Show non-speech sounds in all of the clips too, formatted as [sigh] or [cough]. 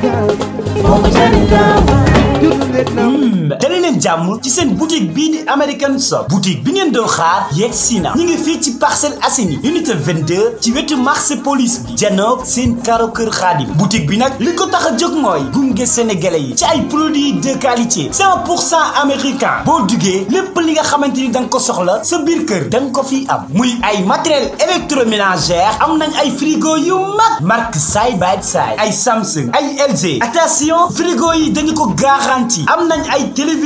Senegal. Fogo Senegal. leen jàmm ci seen boutique bii di American Shop boutique bi ngeen doon xaar yegg si na ngi fii ci Parcelles Assainies unité 22 ci wetu marché police bi janoog seen karo kër xaadim boutique bi nag li ko tax a jóg mooy gunge sénégalais yi ci ay produits de qualité 100 pour cent américain boo lépp li nga xamante ni da ko soxla sa biir kër da ko fi am muy ay matériel électroménager am nañ ay frigo yu mag marque say by side ay Samsung ay LG attention frigo yi dañu ko garanti am nañ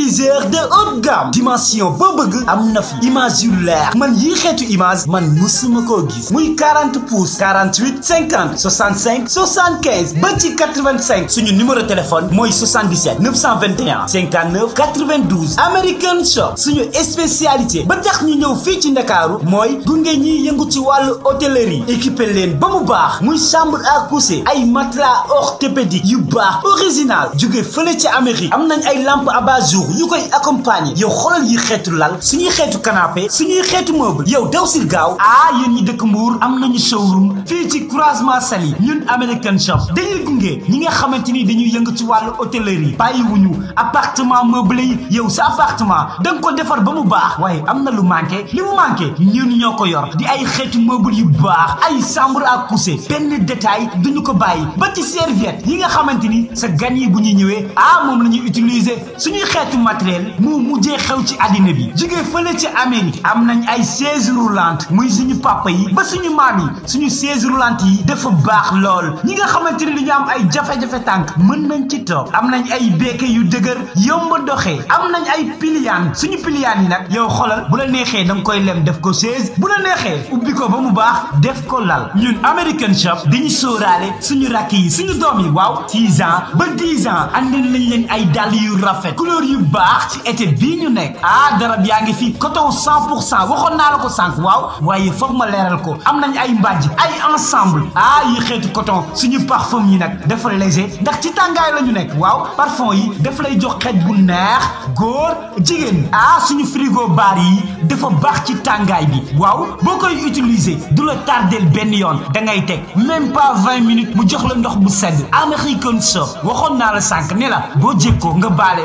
téléviseur de haute dimension boo bëgg am na fi image yu leer man yii xeetu image man musuma koo gis muy 40 pouces 48 50 65 75 ba ci 85 suñu numéro téléphone mooy 77 921 59 92 American Shop suñu spécialité ba tax ñu ñëw fii ci Ndakaaru mooy gunge ñiy yëngu ci wàllu hôtellerie équipé leen ba mu baax muy chambre à coucher ay matelas orthopédique yu baax original jóge fële ci Amérique am nañ ay lampe abat-jour ñu koy accompagner yow xoolal yi xeetu lal suñuy xeetu canapé suñuy xeetu meuble yow daw si gaaw ah yen ñi dëkk Mbour am nañu showroom fii ci croisement Saly ñun American Shop dañuy gunge ñi nga xamante ni dañuy yëngu ci wàllu hôtellerie bàyyiwuñu appartement meublé yi yow sa appartement da nga ko defar ba mu baax waaye am na lu manqué li mu manqué ñun ñoo ko yor di ay xeetu meuble yu baax ay chambre à coucher benn détail duñu ko bàyyi ba ci serviette yi nga xamante ni sa gan yi bu ñuy ñëwee ah moom la ñuy utiliser suñuy xeetu matériel moo mujjee xew ci àddina bi fa la ci Amérique am nañ ay chaise lant muy suñu papa yi ba suñu maam yi suñu chaise roulante yi dafa baax lool ñi nga xamante ni ñu am ay jafe tànk mën nañ ci toog am nañ ay béke yu dëgër yomb doxee am nañ ay piliyaan suñu piliyaan yow xoolal bu la neexee da nga koy lem def ko chaise bu la neexee ubbi ko ba mu baax def ko lal ñun American Shop dañu sóoraale suñu rakk yi suñu doom yi waaw six ans ba dix ans andil nañ leen ay dàll yu rafet couleur yu baax ci été bii ñu nekk ah darab yaa ngi fii coton cent pour cent waxoon naa la ko sànq waaw waaye foog ma leeral ko am nañ ay mbàjj ay ensemble ah yi xeetu coton suñu parfum yi nag dafa léger ndax ci tàngaay la ñu nekk waaw parfum yi daf lay jox xeet bu neex góor jigéen ah suñu frigo baar yi dafa baax ci tàngaay bi waaw boo koy utiliser du la tardeel benn yoon da ngay teg même pas vingt minutes mu jox la ndox bu sedd American soap waxoon naa la sànq ne boo jékkoo nga baale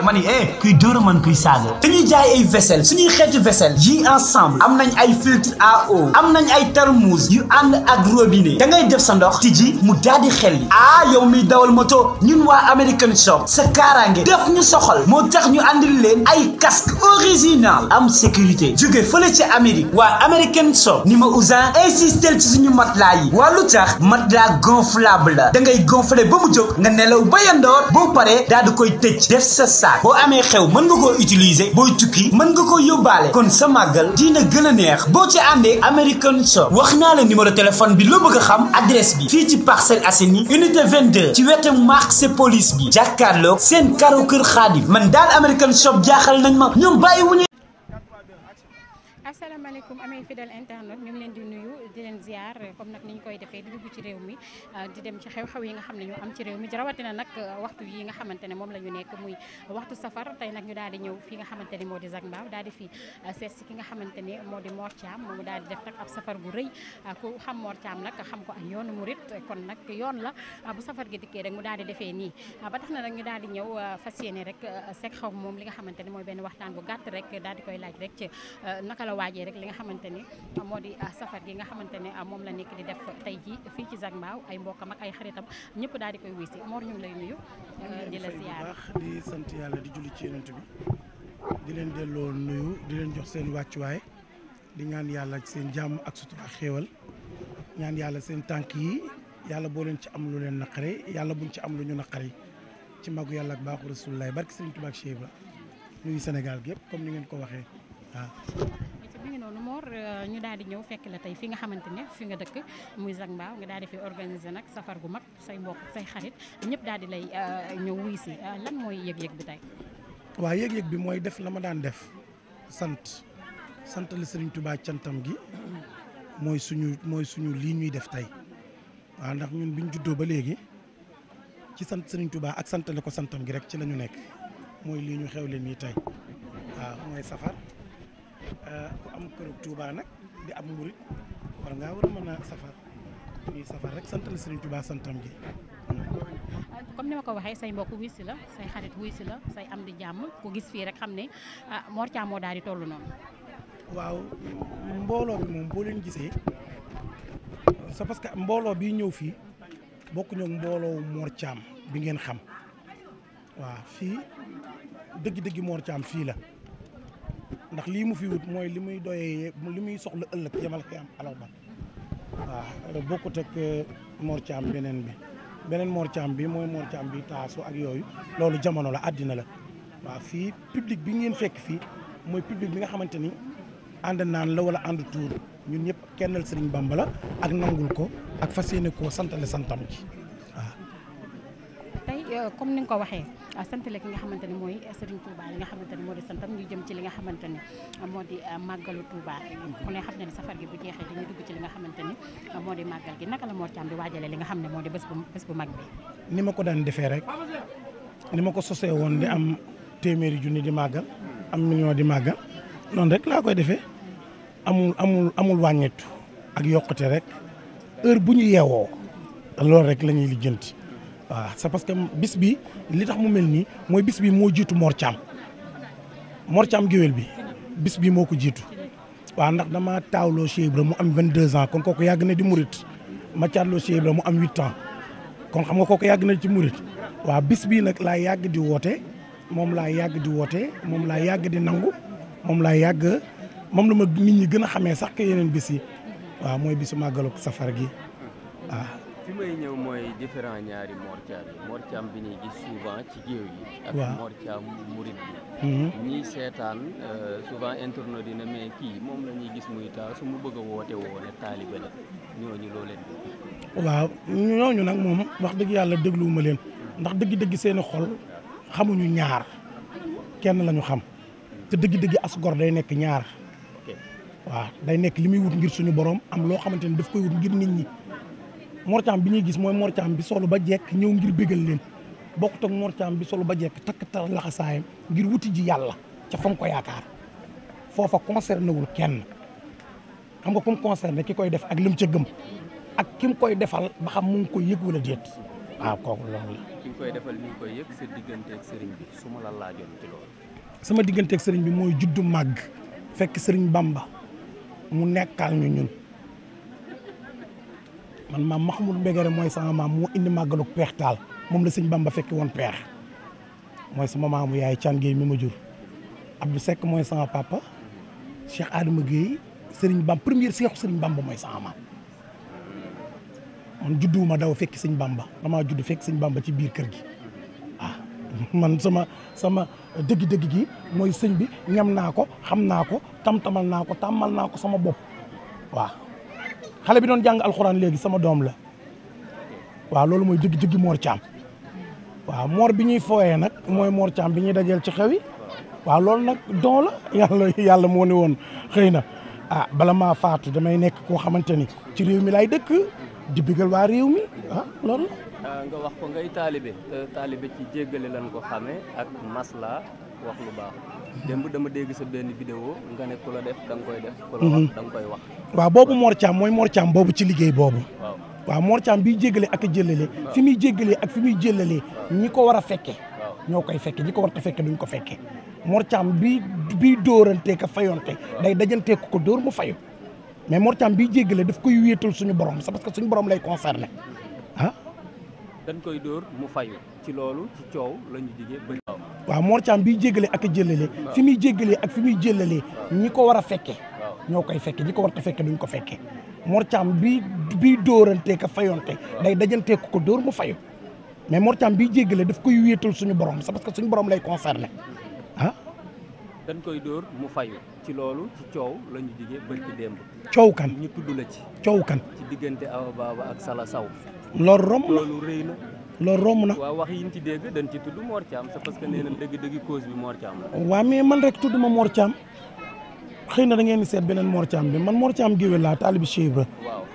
dërëman kuy saaga dañuy jaay ay vessel suñuy xeetu vaisselle yi ensemble am nañ ay filtre à eau am nañ ay tarmuus yu ànd ak robinet da ngay def sa ndox tijji mu daldi xel yi ah yow miy dawal moto ñun waa American shop sa kaaraange def ñu soxal moo tax ñu àndil leen ay casque original am sécurité jóge fële ci Amérique waa American shop ni ma usan insistel ci suñu matelas yi waa lu tax matelas gonflable la da ngay gonfler ba mu jóg nga nelaw ba yandoor boo paree daal di koy tëj def sa saak boo amee xew mën nga koo utiliser booy tukki mën nga ko yóbbaale kon sa màggal dina gën a neex boo ci àndee American Shop wax naa la numéro téléphone bi loo bëgg xam adresse bi fii ci Parcelles Assainies unité 22 ci wetu marché police bi jàkkaarloog seen karo kër Xaadim man daal American Shop jaaxal nañ ma ñoom bàyyi wuñu asalaamaaleykum amee fidèle internet ñu ngi leen di nuyu di leen ziar comme nag ni ñu koy defee di dugg ci réew mi euh, di dem ci xew-xew yi nga xam ne ñu am ci réew mi rawatina nag euh, waxtu yi nga xamante ne moom la ñu nekk muy waxtu safar tey nag ñu daal di ñëw fi nga xamante ne moo di Zac Mbao di fi euh, seet ki nga xamante ne moo di Mor Thiam moom daal di def nag ab gu rëy ku xam Mor Thiam nag xam ko ak yoonu murit kon nag yoon la bu safar gi dikkee rek mu daal di defee nii ba tax na nag ñu daal di ñëw fas yéene rek seq xaw moom li nga xamante ne mooy benn waxtaan bu gàtt rek daal di koy laaj rek ci naka la waajee rek li nga xamante ni moo di ah, safar gi nga xamante ne ah, moom la nekk di def tey jii fii ci Zac Mbao ay mbokkam ak ay xaritam ñëpp daal di koy wuy si Mor ñu lay nuyu euh, di la siyaar di sant yàlla di julli ci yonent bi di leen delloo nuyu di leen jox seen wàccuwaay di ñaan yàlla ci seen jàmm ak sutura xéewal ñaan yàlla seen tànk yi yàlla boo leen ci am lu leen naqare yàlla buñ ci am lu ñu naqare ci màggu yàlla ak baaxu rasulullah barki Sëriñ Tuubaa ak Cheikh Ibra nuyu Sénégal comme ni ngeen ko waxee noonu Mor euh, ñu daal di ñëw fekk la tey fi nga xamante ne fi nga dëkk muy Zac Mbao nga daal di fi organiser nag safar gu mag say mbokk say xarit ñëpp daal di lay euh, ñëw wuy si euh, lan mooy yëg-yëg bi tey. waaw yëg bi mooy def la ma daan def sant sant la Serigne Touba gi mooy suñu mooy suñu lii ñuy def tey waaw ndax ñun biñ juddoo ba léegi ci sant Serigne tubaa ak sant la ko santam gi rek ci la ñu nekk mooy lii ñu xewle nii tey waaw mooy safar. ku euh, am kër Touba nag di am murit war ngaa war a mën a safar di safar rek sant la Serigne Touba santam ji. comme ni ma ko waxee say mbokk wuy si la say xarit wuy si la say am di jàmm ku gis fii rek xam ne ah, Mor Thiam moo daal di toll noonu. waaw mbooloo bi parce que mbooloo bi ñëw fii bokk ñoo mbooloo bi ngeen xam waaw fii dëgg-dëgg Mor Thiam fii la. ndax lii mu fi wut mooy li muy doyee li muy soxla ëllëg yemal koy am alaw ban waaw euh, bokkut ak euh, Mor Thiam beneen bi beneen mortiam Thiam bi mooy Mor bi taasu ak yooyu loolu jamono la àddina la waaw fii public bi ngeen fekk fii mooy public bi nga xamante ni ànd naan la wala ànd tuur ñun ñëpp kennal Serigne Bamba la ak nangul ko ak fas yéene ko santale santam ci waaw. tey euh, comme ni nga ko waxee. sant la nga xamante ne mooy Serigne Touba li nga xamante ne moo di santam jëm ci li nga xamante ne moo di ah, màggalu Touba ku ne xam ne ne safar gi bu jeexee ci li nga xamante ne moo di màggal gi naka la Mor Thiam di waajalee xam ne moo di bés bu bés bu mag bi ni ma ko daan defee rek ni ma ko sosee woon di am téeméeri junni di màggal am million di màggal noonu rek laa koy defee amul amul amul wàññeetu ak yokkute rek heure bu ñu yeewoo loolu rek lañuy ñuy lijjanti waaw c'est parce que bis bi li tax mu mel nii mooy bis bi moo jiitu Mor Thiam Mor Thiam géwél bi bis bi moo ko jiitu waaw ndax damaa taawloo Cheikh Ibra mu am 22 ans kon kooku yàgg na di murit ma caatloo Cheikh Ibra mu am 8 ans kon xam nga kooku yàgg na ci murit waaw bis bi nag laa yàgg di woote moom laa yàgg di woote moom laa yàgg di nangu moom laa yàgg moom la ma nit ñi gën a xamee sax que yeneen bis yi waaw mooy bisu màggalu safar gi fi may ñëw mooy différent ñaari Mor Thiam yi Mor bi ñuy gis souvent ci géew yi. ak Mor Thiam murit bi. Mm-hmm. ñiy seetaan euh, souvent internaute dina mais kii moom la ñuy gis muy taa su mu bëgg a woote woo taalibe la ñooñu loo leen di. waaw ñooñu nag moom wax dëgg yàlla dégluwuma leen ndax dëgg-dëgg seeni xol xamuñu ñaar kenn lañu xam te dëgg-dëgg as gor day nekk ñaar waaw day nekk li muy wut ngir suñu borom am loo xamante ni daf koy wut ngir nit ñi. Mor Thiam bi ñuy gis mooy Mor bi solo ba jekk ñëw ngir bégal leen bokkut ak Mor Thiam bi solo ba jekk takk tar laxasaayam ngir wuti ji yàlla ca fam ko yaakaar foofa concerné wul kenn xam nga comme concerné ki koy def ak lim ca gëm ak kim koy defal ba xam mu ngi koy yëg wala déet ah, kooku loolu la. la laajoon sama digganteeg sëriñ bi mooy juddu màgg fekk sëriñ Bamba mu nekkal ñu ñun. man maam Mahmoud Mbégéré mooy sama maam moo indi màggalu peex taal moom la sëñ Bamba fekki won peex mooy sama maamu yaay Thiam géey mi ma jur Abdou sekk mooy sama papa Cheikh Adama Guèye Serigne Bamba premier Cheikh Serigne Bamba mooy sama maam man judduwuma daw fekk sëñ Bamba damaa judd fekk sëñ Bamba ci biir kër gi ah, [laughs] man sama sama dëgg-dëgg gi mooy sëñ bi ñam naa ko xam naa ko tam-tamal naa ko tàmmal naa ko sama bopp waaw xale bi noonu jàng alxuraan léegi sama doom la waaw loolu mooy dëgg dëgg Mor Thiam waaw Mor bi ñuy fooyee nag mooy moor Thiam bi ñuy dajeel ci xew yi waaw loolu nag doo la [laughs] yàlla yàlla moo ne woon xëy na ah bala maa faatu damay nekk koo xamante ni ci réew mi laay dëkk di bigal waa réew mi ah, loolu ah, nga wax ko ngay taalibe taalibe ci jéggale lan ko xamee ak masla wax lu baax. démb dama dégg sa benn vidéo nga ne ku la def da koy def. la mhm. wax koy wax. waaw boobu Mor Thiam mooy Mor Thiam boobu ci liggéey boobu. waaw waaw Mor Thiam biy ak a jëlale. fi muy jéggalee ak fi muy jëlalee. ñi ko war a fekke ñoo koy fekke ñi ko war a fekke duñ ko fekke Mor Thiam bi biy dóorante ka fayonte day dajante ko ko dóor mu fayu mais Mor bi biy jéggale daf koy wéetal suñu borom sa parce que suñu borom lay concerné ah? dañ koy dóor mu fayu ci loolu lañu jigee waaw Mor Thiam biy jéggale ak a jëlale fi muy jéggalee ak fi muy jëlalee ñi ko war a fekke ñoo koy fekke ñi ko war a fekke duñ ko fekke Mor Thiam bi biy dóorantee ka fayonte day dajantee ku ko dóor mu fayu mais Mor Thiam biy jéggale daf koy wéetal suñu borom sa parce que suñu borom lay concerné ah dañ koy dóor mu fayu ci loolu ci coow la ñu jigee bërki démb coow kan ñu tudd la ci coow kan ci diggante Awa Baba ak Sala Saw loolu romb rëy na loolu romb na. waaw wax yi ñu ci dégg dañ ci tudd Mor parce que nee na dëgg-dëgg cause bi Mor Thiam la. waaw mais man rek tudd ma Mor Thiam xëy na da ngeen di seet beneen Mor Thiam bi man Mor Thiam géwél laa taalibi Cheikh Ibra.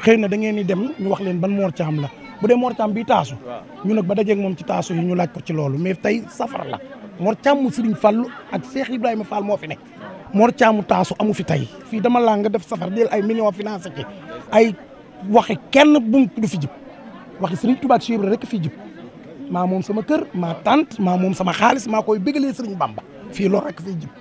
xëy na da di dem ñu wax leen ban Mor Thiam la bu dee Mor Thiam bii taasu. ñu nag ba dajeeg moom ci taasu yi ñu laaj ko ci loolu mais tey safar la Mor Thiam mu Serigne Fallou ak Cheikh Ibrahima Fall moo fi nekk. Mor Thiam taasu amu fi tey fii dama laa nga def safar jël ay millions financé ci ay waxi kenn bu du fi jib waxi Serigne Touba ak Cheikh Ibra rek fi jib maa moom sama kër maa tànt maa moom sama xaalis maa koy bégalee sëriñ Bamba fii loolu rek fiy jib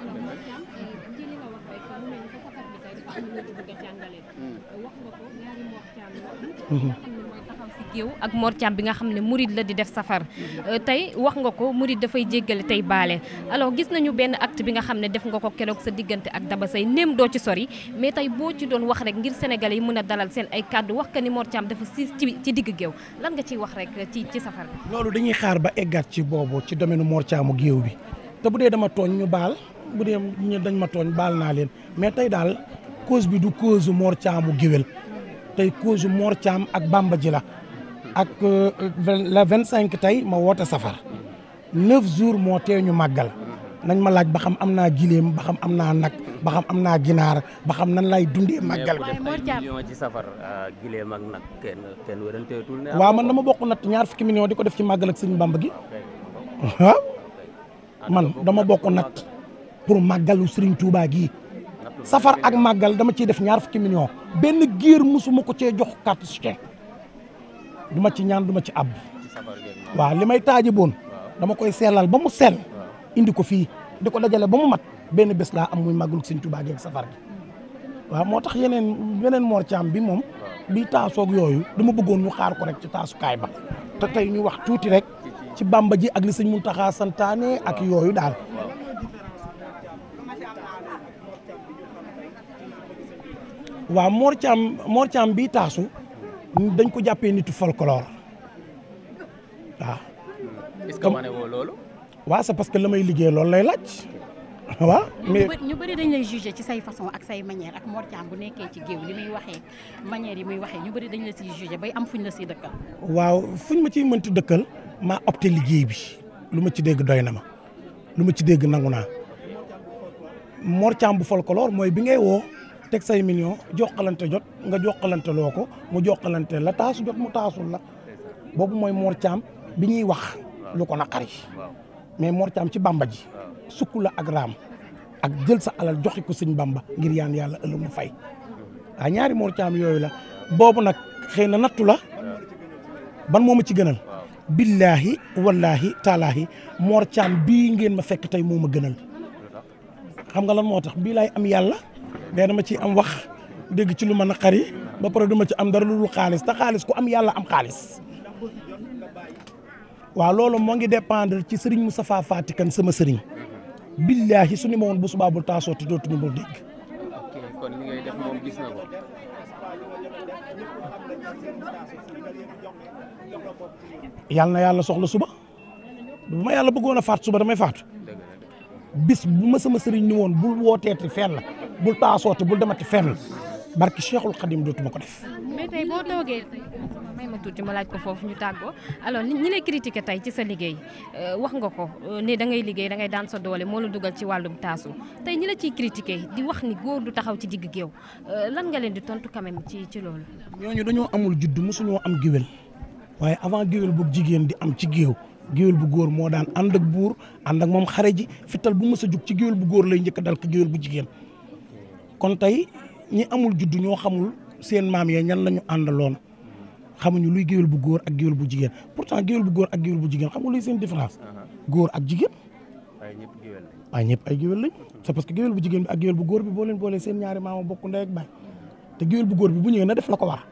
yow ak Mor Thiam bi nga xam ne Mouride la di def safar euh, tey wax nga ko Mouride dafay jéggale tey baale alors gis nañu benn acte bi nga xam ne def nga ko keroog sa diggante ak Daba Seye néem doo ci sori mais tey boo ci doon wax rek ngir sénégalais yi mën a dalal seen ay kàddu wax ka ni Mor Thiam dafa siis ci digg géew lan nga ciy wax rek ci ci safar loolu dañuy xaar ba eggaat ci boobu ci domaine Mor Thiamu géew bi te bu dee dama tooñ ñu baal bu dee ñu dañ ma tooñ baal naa leen mais tey daal cause bi du cause Mor Thiamu géwél tey cause Mor Thiam ak Bamba ji ak euh, la vingt cinq tey ma woote safar neuf jours moo tee ñu màggal nañ ma laaj ba xam am naa gileem ba xam am naa nag ba xam am naa ginaar ba xam nan lay dundee màggal ci safar euh, gileem ak nag kenn kenn wéranteetul ne waaw man dama bokk nag ñaar fukki million di ko def ci màggal ak sëñ Bamba gi waaw ah, dama bokk nat pour màggalu Serigne Touba gii safar ak màggal dama ciy def ñaar fukki million benn géer musuma ko cee jox carte duma ci ñaan duma ci ab waaw li may taaje boon dama koy seelal ba mu sell indi ko fii di ko dajale ba mu mat benn bés laa am muy màggul Sëñ Tuubaa geeg safar gi waaw moo tax yeneen yeneen Mor Thiam bi moom bi taasoog yooyu dama bëggoon ñu xaar ko rek ci taasukaay ba te tey ñu wax tuuti rek ci Bàmba ji ak li Sëñ Muntaxa santaane ak yooyu daal waaw moor Thiam Mor Thiam bi taasu dañ ko jàppee nittu folklore waaw. est-ce que wane woo loolu. waaw c'est parce que la may liggéey loolu lay laaj. [laughs] waaw mais ñu bëri dañ lay jugé ci say façon ak say manière ak Mor Thiam bu nekkee ci géew li muy waxee manière yi muy waxee ñu bëri dañ la siy jugé bay am fuñ la siy dëkkal. waaw fuñ ma ciy mënti dëkkal maa opté liggéey bi lu ma ci dégg doy na ma lu ma ci dégg nangu naa Mor Thiam bu folklore mooy bi ngay woo. teg say million jokkalante jot nga jokkalante loo ko mu jokkalante la taasu jot mu taasul la boobu mooy moor caam bi ñuy wax lu ko naqari mais Mor Thiam ci Bamba ji sukk la ak raam ak jël sa alal joxe ko sëñ Bamba ngir yaan yàlla ëllëg mu fay waaw ñaari Mor caam yooyu la boobu nag xëy na nattu la ban moom a ci gënal billaahi wallaahi taalaahi Mor Thiam bii ngeen ma fekk tey moom ma gënal xam nga lan moo tax bii laay am yàlla nee dama ci am wax dégg ci lu ma naqari ba pare ma ci am dara lu dul xaalis ta xaalis ko am yàlla am xaalis waaw loolu moo ngi dependre ci sëriñ Moustapha Faty Kane sama sëriñ billaahi su ni ma woon bu subaa bu taasoo ti dootuñu ma dégg. kon li na ko. yàlla soxla suba bu ma yàlla bëggoon a faatu suba damay faatu bis bu ma sama sëriñ ni woon bul wooteeti fenn. bul taasooti bul demati fenn barki Cheikhul Khadim dootuma ko def. mais tey boo toogee may ma tuuti ma laaj ko foofu ñu tàggoo alors ñi lay critiqué tey ci sa liggéey euh, wax nga ko euh, ne da ngay liggéey da ngay daan sa doole moo la dugal ci wàllum taasu tey ñi la ciy critiqué di wax ni góor du taxaw ci digg géew euh, lan nga leen di tontu quand même ci ci loolu. ñooñu dañoo amul juddu mosuñoo am géwél waaye avant géwél bu jigéen di am ci géew géwél bu góor moo daan ànd ak buur ànd ak moom xare ji fital bu mës a jug ci géwél bu góor lay njëkk dal ko géwél bu jigéen. kon tey ñi amul juddu ñoo xamul seen maam yee ñan la ñu àndaloon xamuñu luy géwél bu góor ak géwél bu jigéen pourtant géwél bu góor ak géwél bu jigéen xam nga luy seen différence uh-huh. góor ak jigéen waaye ñëpp ay géwél lañ uh-huh. c'est parce que géwél bu jigéen bi ak géwél bu bi boo leen boolee seen ñaari maama bokk ak baay te géwél bu góor bi bu ñëwee na def la ko war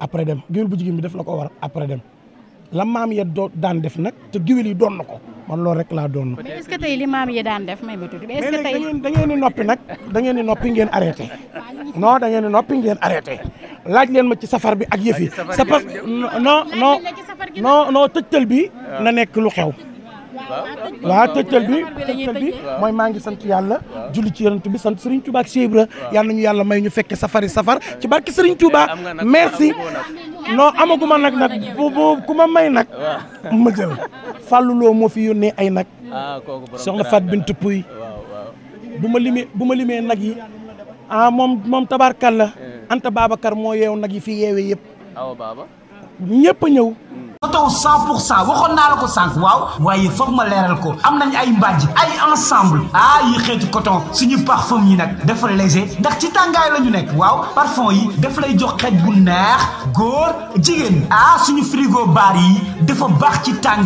après dem géwél bu jigéen bi def la ko war après dem la maam ya doo daan def nag te géwél yi doon na ko man loolu rek laa doon. mais est-ce que tey li maam yi daan may ma tudd est-ce que tey da ngeen di noppi nag da ngeen di noppi ngeen arrêté non da ngeen noppi ngeen arrêté laaj leen ma ci safar bi ak yëf yi. c'est parce que non non non non tëjtal bi ah. na nekk lu xew. waaw tëjtal bi tëjtal bi mooy maa ngi sant yàlla julli ci yonent bi sant Serigne Touba ak Cheikh Ibra yàlla nañu yàlla may ñu fekke safari safar ci barke Serigne Touba merci non amaguma nag nag bu bu ku ma may nag. ma jël fàlluloo moo fi yónnee ay nag. ah kooku borom soxna Fat Bintou Pouy. bu ma limee bu ma limee nag yi ah moom moom tabaarkàlla. Eh. Anta Babacar moo yeew nag yi fi yeewee yëpp. awa baaba. ñëpp a ñëw. Hmm. photo 100 pour cent waxoon naa la ko sànq waaw waaye foog ma leeral ko am nañ ay mbàjj ay ensemble ah yi xeetu coton suñu parfum yi nag dafa léger ndax ci tàngaay la ñu nekk waaw parfum yi daf lay jox xeet bu neex góor jigéen ah suñu frigo baar yi dafa baax ci tàngaay